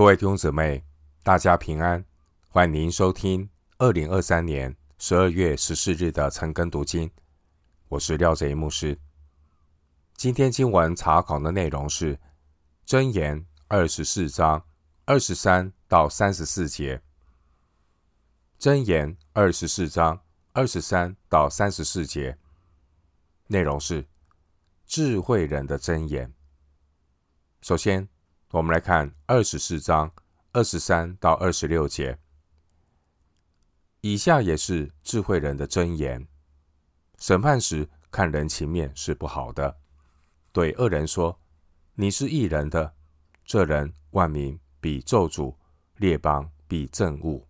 各位弟兄姊妹，大家平安，歡迎您收聽二零二三年十二月十四日的晨更讀經。我是廖哲一牧師。今天經文查考的內容是《箴言》二十四章二十三到三十四節。《箴言24章23到34節》二十四章二十三到三十四節內容是智慧人的箴言。首先。我們來看二十四章二十三到二十六節。以下也是智慧人的箴言：審判時看人情面是不好的。對惡人說：“你是義人的。”這人萬民必咒詛，列邦必憎惡。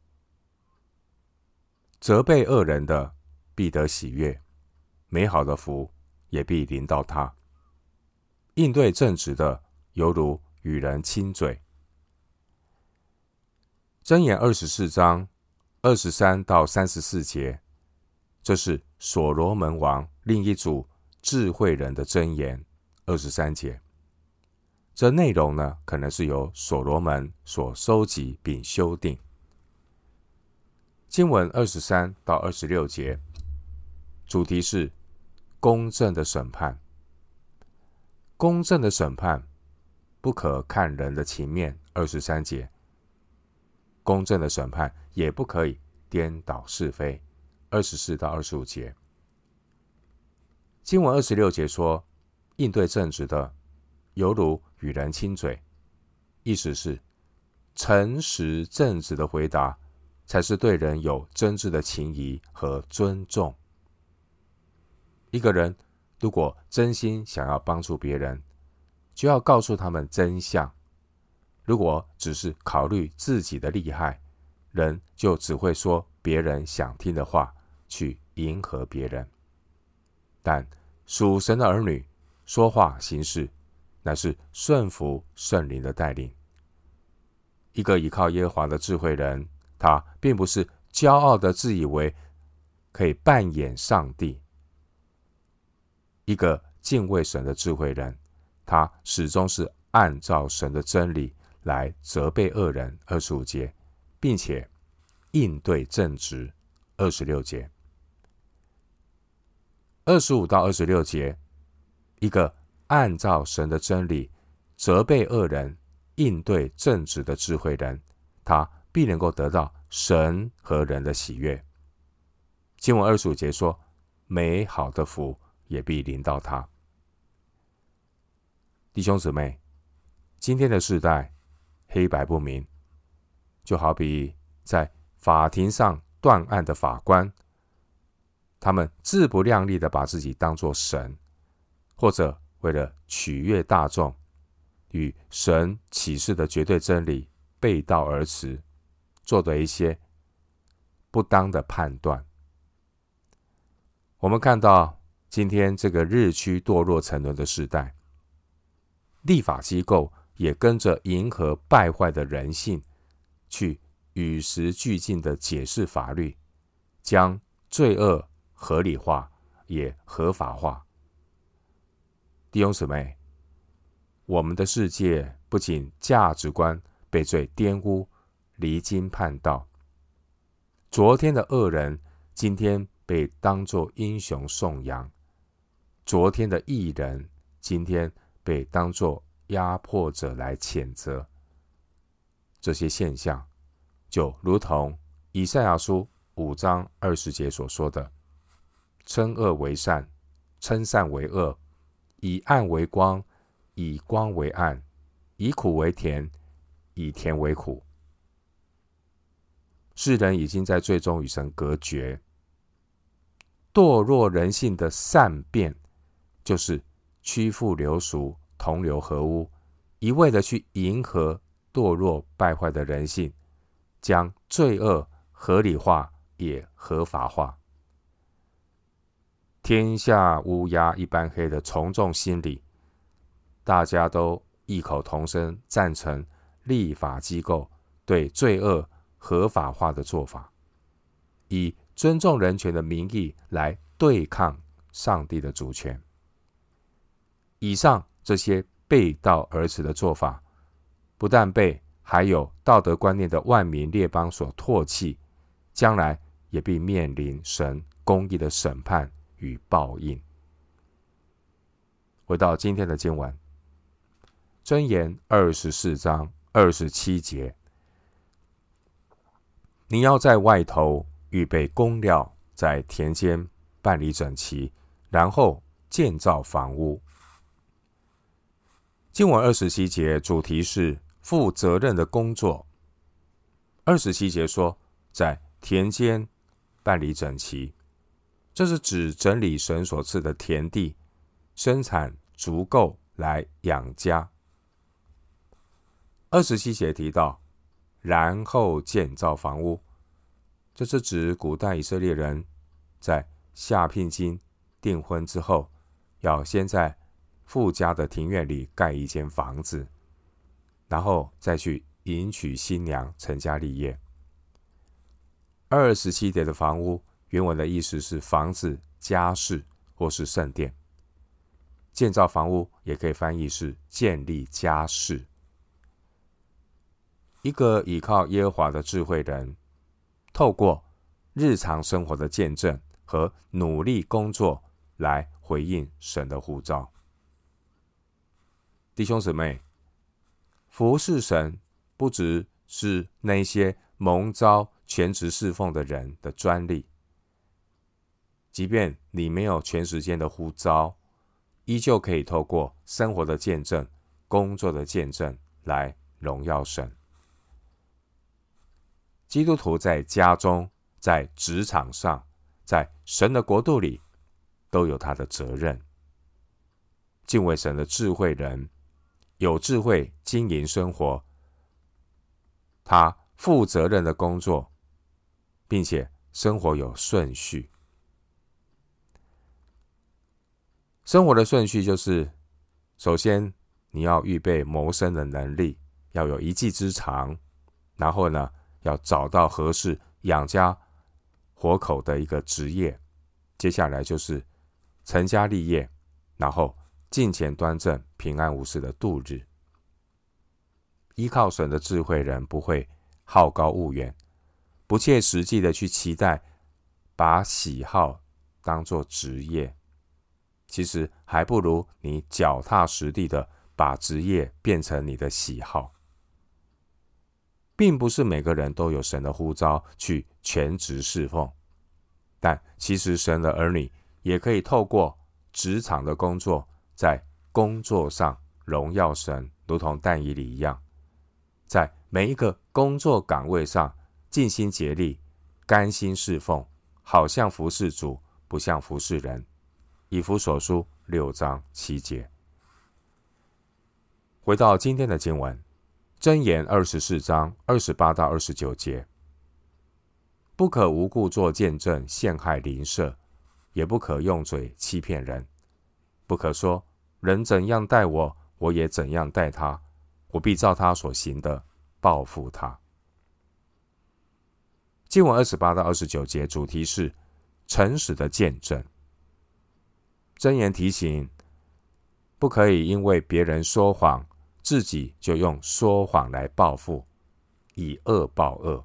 責備惡人的必得喜悅，美好的福也必臨到他。應對正直的，猶如。與人親嘴。箴言二十四章二十三到三十四節，這是所羅門王另一組智慧人的箴言。二十三節，這內容呢，可能是由所羅門所收集並修訂。經文二十三到二十六節，主題是公正的審判。公正的審判。不可看人的情面，二十三節，公正的審判也不可以顛倒是非，二十四到二十五節。經文二十六節說，應對正直的，猶如與人親嘴，意思是誠實正直的回答，才是對人有真摯的情誼和尊重。一個人如果真心想要幫助別人，就要告訴他們真相。如果只是考慮自己的利害，人就只會說別人想聽的話，去迎合別人。但屬神的兒女說話行事，乃是順服聖靈的帶領。一個依靠耶和華的智慧人，他並不是驕傲的自以為可以扮演上帝。一個敬畏神的智慧人。他始終是按照神的真理來責備惡人，二十五節，並且應對正直，二十六節。二十五到二十六節，一個按照神的真理責備惡人、應對正直的智慧人，他必能夠得到神和人的喜悅。經文二十五節說：“美好的福也必臨到他。”弟兄姊妹，今天的時代黑白不明，就好比在法庭上斷案的法官，他們自不量力的把自己當作神，或者為了取悅大眾，與神啟示的絕對真理背道而馳，做的一些不當的判斷。我們看到今天這個日趨墮落沉淪的時代。立法機構也跟着迎合敗壞的人性，去與時俱進的解釋法律，將罪惡合理化也合法化。弟兄姊妹，我們的世界不僅價值觀被罪玷汙、離經叛道，昨天的惡人今天被當作英雄頌揚，昨天的義人今天被當作壓迫者來譴責。這些現象，就如同以賽亞書五章二十節所說的：“稱惡為善，稱善為惡；以暗為光，以光為暗；以苦為甜，以甜為苦。”世人已經在最終與神隔絕，墮落人性的善變，就是屈服流俗，同流合汙，一味的去迎合墮落敗壞的人性，將罪惡合理化也合法化。天下烏鴉一般黑的從眾心理，大家都異口同聲贊成立法機構對罪惡合法化的做法，以尊重人權的名義來對抗上帝的主權。以上。這些背道而馳的做法，不但被還有道德觀念的萬民列邦所唾棄，將來也必面臨神公義的審判與報應。回到今天的經文，箴言二十四章二十七節，你要在外頭預備工料，在田間辦理整齊，然後建造房屋。經文二十七節主題是負責任的工作。二十七節說，在田間辦理整齊，這是指整理神所賜的田地，生產足夠來養家。二十七節提到，然後建造房屋，這是指古代以色列人在下聘金訂婚之後，要先在。富家的庭院裡蓋一間房子，然後再去迎娶新娘，成家立業。二十七節的房屋，原文的意思是房子、家室或是聖殿。建造房屋也可以翻譯是建立家室。一個依靠耶和華的智慧人，透過日常生活的見證和努力工作來回應神的呼召。弟兄姊妹，服侍神不只是那些蒙召全職侍奉的人的專利。即便你沒有全時間的呼召，依舊可以透過生活的見證、工作的見證來榮耀神。基督徒在家中、在職場上、在神的國度裡，都有他的責任。敬畏神的智慧人，有智慧經營生活，他負責任的工作，並且生活有順序。生活的順序就是：首先你要預備謀生的能力，要有一技之長，然後呢，要找到合適養家活口的一個職業。接下來就是成家立業，然後。敬虔端正、平安無事的度日，依靠神的智慧人不會好高騖遠、不切實際的去期待，把喜好當做職業，其實還不如你腳踏實地的把職業變成你的喜好。並不是每個人都有神的呼召去全職侍奉，但其實神的兒女也可以透過職場的工作。在工作上榮耀神，如同但以理一樣，在每一個工作崗位上盡心竭力、甘心侍奉，好像服侍主，不像服侍人。以弗所書六章七節。回到今天的經文，箴言二十四章二十八到二十九節，不可無故作見證陷害鄰舍，也不可用嘴欺騙人，不可說。人怎樣待我，我也怎樣待他。我必照他所行的報復他。經文二十八到二十九節主題是誠實的見證。箴言提醒：不可以因為別人說謊，自己就用說謊來報復，以惡報惡。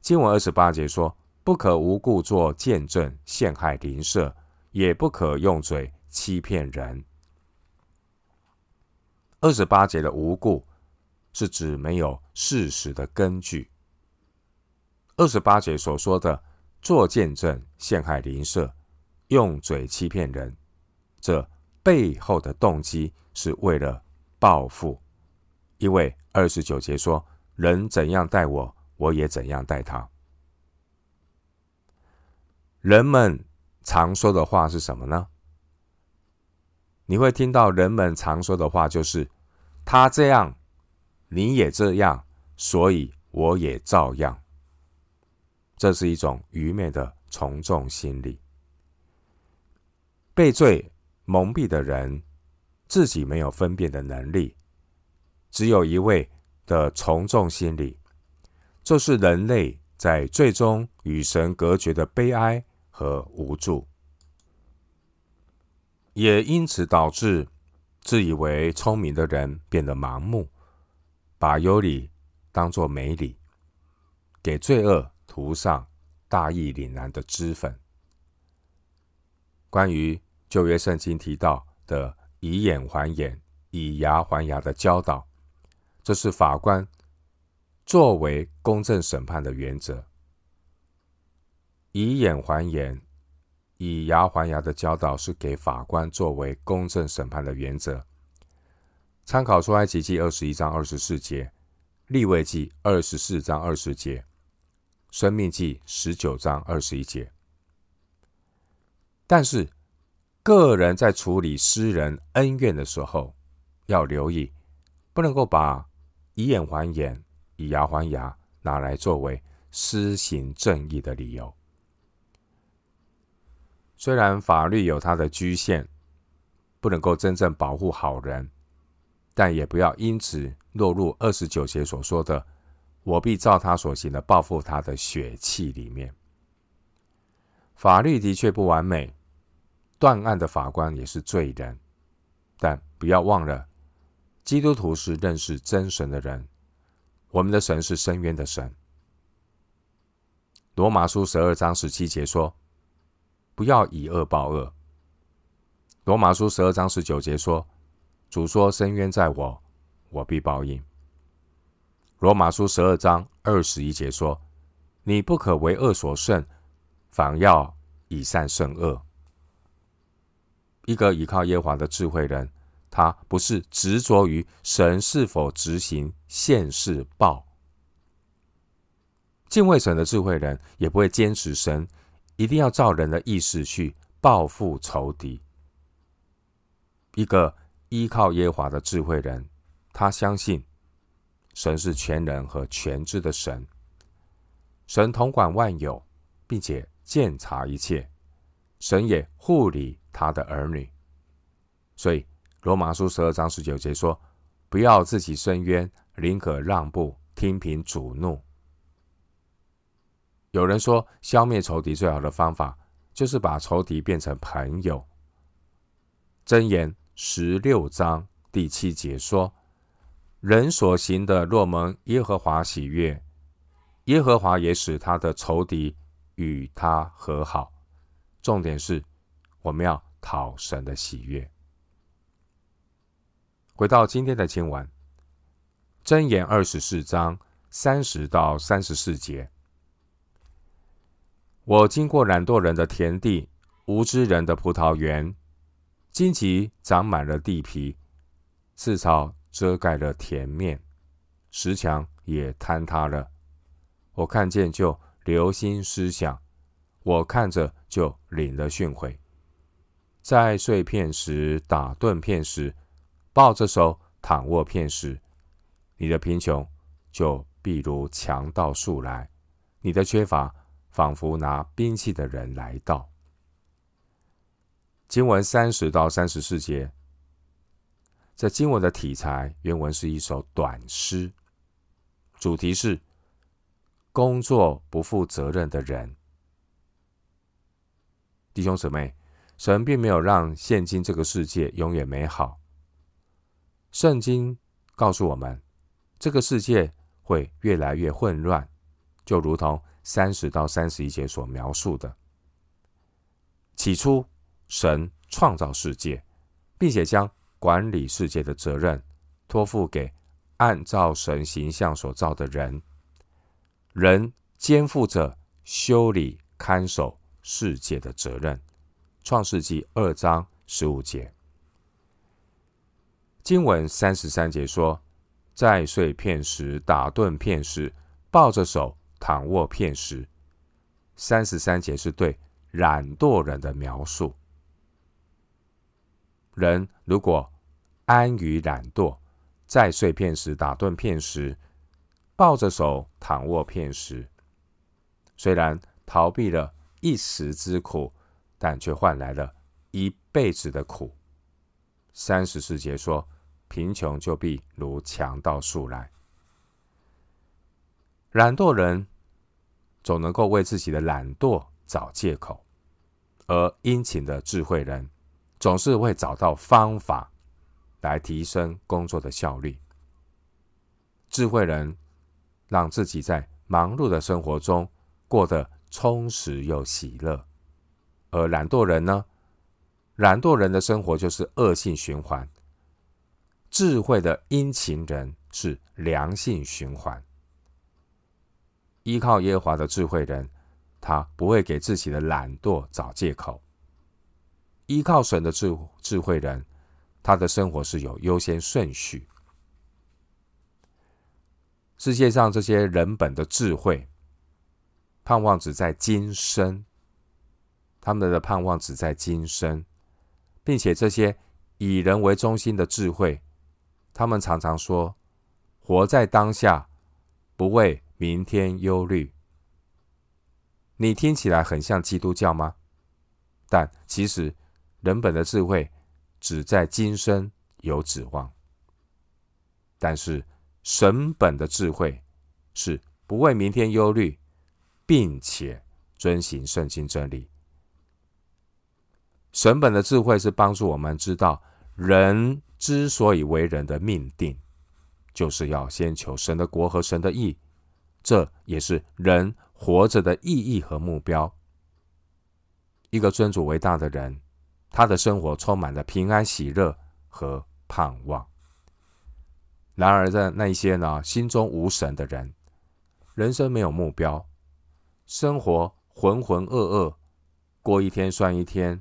經文二十八節說：不可無故作見證陷害鄰舍，也不可用嘴。欺騙人。二十八節的無故是指沒有事實的根據。二十八節所說的做見證、陷害鄰舍、用嘴欺騙人，這背後的動機是為了報復。因為二十九節說：“人怎樣待我，我也怎樣待他。”人們常說的話是什麼呢？你會聽到人們常說的話，就是“他這樣，你也這樣，所以我也照樣。”這是一種愚昧的從眾心理。被罪蒙蔽的人，自己沒有分辨的能力，只有一味的從眾心理。這就是人類在最終與神隔絕的悲哀和無助。也因此導致自以為聰明的人變得盲目，把有理當作沒理，給罪惡塗上大義凜然的脂粉。關於舊約聖經提到的“以眼還眼，以牙還牙”的教導，這是法官作為公正審判的原則：以眼還眼。以牙還牙的教導是給法官作為公正審判的原則。參考《出埃及記》二十一章二十四節，《利未記》二十四章二十節，《申命記》十九章二十一節。但是，個人在處理私人恩怨的時候，要留意，不能夠把以眼還眼、以牙還牙拿來作為施行正義的理由。雖然法律有它的局限，不能夠真正保護好人，但也不要因此落入二十九節所說的“我必照他所行的報復他的血氣”裡面。法律的確不完美，斷案的法官也是罪人，但不要忘了，基督徒是認識真神的人，我們的神是伸冤的神。羅馬書十二章十七節說。不要以惡報惡。羅馬書十二章十九節說：“主說，伸冤在我，我必報應。”羅馬書十二章二十一節說：“你不可為惡所勝，反要以善勝惡。”一個依靠耶和華的智慧人，他不是執着於神是否執行現世報；敬畏神的智慧人，也不會堅持神。一定要照人的意思去報復仇敵。一個依靠耶和華的智慧人，他相信神是全能和全知的神，神統管萬有，並且鑒察一切，神也護理他的兒女。所以羅馬書十二章十九節說：“不要自己伸冤，寧可讓步，聽憑主怒。”有人說，消滅仇敵最好的方法就是把仇敵變成朋友。箴言十六章第七節說：“人所行的，若蒙耶和華喜悅，耶和華也使他的仇敵與他和好。”重點是，我們要討神的喜悅。回到今天的經文，箴言二十四章三十到三十四節。我經過懶惰人的田地，無知人的葡萄園，荊棘長滿了地皮，刺草遮蓋了田面，石牆也坍塌了。我看見就留心思想，我看着就領了訓誨。再睡片時，打盹片時，抱着手躺臥片時，你的貧窮就必如強盜速來，你的缺乏。仿佛拿兵器的人來到。經文三十到三十四節，這經文的體裁，原文是一首短詩，主題是工作不負責任的人。弟兄姊妹，神並沒有讓現今這個世界永遠美好。聖經告訴我們，這個世界會越來越混亂。就如同三十到三十一節所描述的，起初神創造世界，並且將管理世界的責任託付給按照神形象所造的人，人肩負着修理、看守世界的責任。創世紀二章十五節，經文三十三節說：“再睡片時，打盹片時，抱着手。”躺臥片時，三十三節是對懶惰人的描述。人如果安於懶惰，再睡片時，打盹片時，抱着手躺臥片時，雖然逃避了一時之苦，但卻換來了一輩子的苦。三十四節說：貧窮就必如強盜速來，懶惰人。總能夠為自己的懶惰找借口，而殷勤的智慧人總是會找到方法來提升工作的效率。智慧人讓自己在忙碌的生活中過得充實又喜樂，而懶惰人呢？懶惰人的生活就是惡性循環。智慧的殷勤人是良性循環。依靠耶和華的智慧人，他不會給自己的懶惰找借口。依靠神的智智慧人，他的生活是有優先順序。世界上這些人本的智慧，盼望只在今生。他們的盼望只在今生，並且這些以人為中心的智慧，他們常常說：“活在當下，不為。”明天憂慮，你聽起來很像基督教嗎？但其實人本的智慧只在今生有指望，但是神本的智慧是不為明天憂慮，並且遵循聖經真理。神本的智慧是幫助我們知道，人之所以為人的命定，就是要先求神的國和神的義。這也是人活着的意義和目標。一個尊主為大的人，他的生活充滿了平安、喜樂和盼望。然而，在那些呢心中無神的人，人生沒有目標，生活渾渾噩噩，過一天算一天，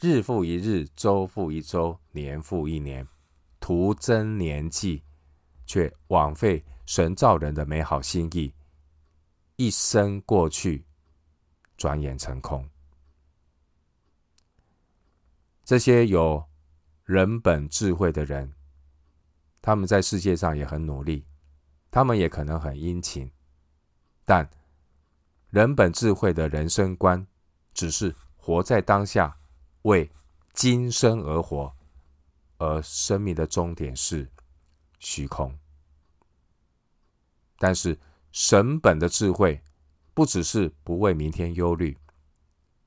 日復一日，週復一週，年復一年，徒增年紀，卻枉費。神造人的美好心意，一生過去，轉眼成空。這些有人本智慧的人，他們在世界上也很努力，他們也可能很殷勤，但人本智慧的人生觀，只是活在當下，為今生而活，而生命的終點是虛空。但是神本的智慧，不只是不為明天憂慮，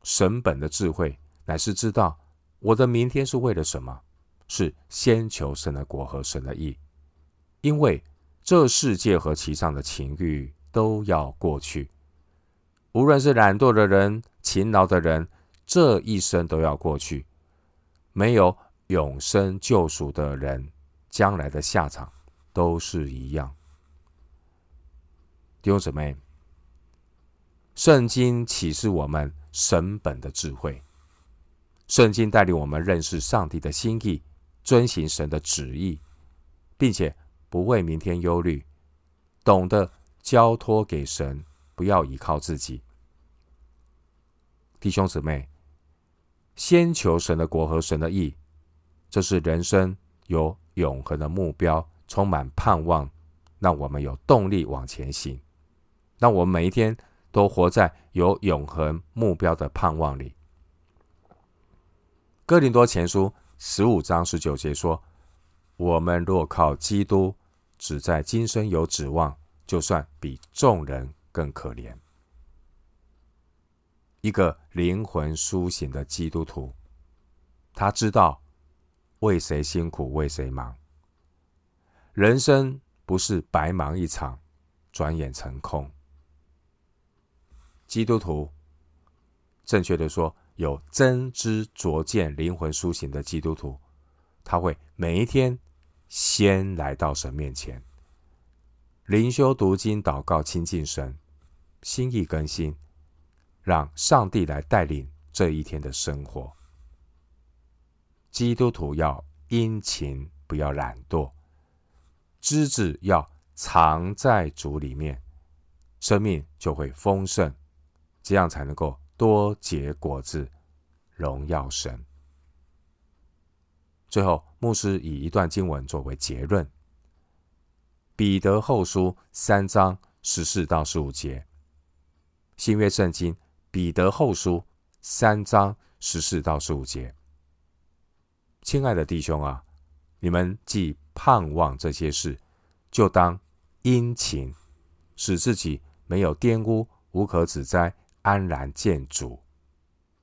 神本的智慧乃是知道我的明天是為了什麼，是先求神的國和神的義，因為這世界和其上的情欲都要過去，無論是懶惰的人、勤勞的人，這一生都要過去，沒有永生救贖的人，將來的下場都是一樣。弟兄姊妹，聖經啟示我們神本的智慧，聖經帶領我們認識上帝的心意，遵行神的旨意，並且不為明天憂慮，懂得交託給神，不要依靠自己。弟兄姊妹，先求神的國和神的義，這是人生有永恆的目標，充滿盼望，讓我們有動力往前行。那我們每一天都活在有永恆目標的盼望裡。哥林多前書十五章十九節說：“我們若靠基督，只在今生有指望，就算比眾人更可憐。”一個靈魂甦醒的基督徒，他知道為誰辛苦，為誰忙。人生不是白忙一場，轉眼成空。基督徒，正確地說，有真知灼見、靈魂甦醒的基督徒，他會每一天先來到神面前，靈修、讀經、禱告、親近神，心意更新，讓上帝來帶領這一天的生活。基督徒要殷勤，不要懶惰，枝子要藏在主裡面，生命就會豐盛。這樣才能夠多結果子，榮耀神。最後，牧師以一段經文作為結論：《彼得後書》三章十四到十五節，《新約聖經》《彼得後書》三章十四到十五節。親愛的弟兄啊，你們既盼望這些事，就當殷勤，使自己沒有玷污、無可指摘。安然見主，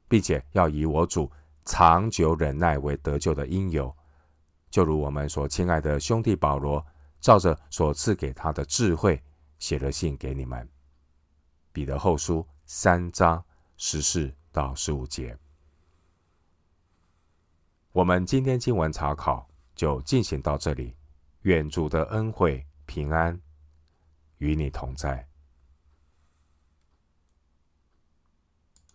並且要以我主長久忍耐為得救的因由，就如我們所親愛的兄弟保羅，照着所賜給他的智慧，寫了信給你們。彼得後書三章十四到十五節。我們今天經文查考就進行到這裡，願主的恩惠平安與你同在。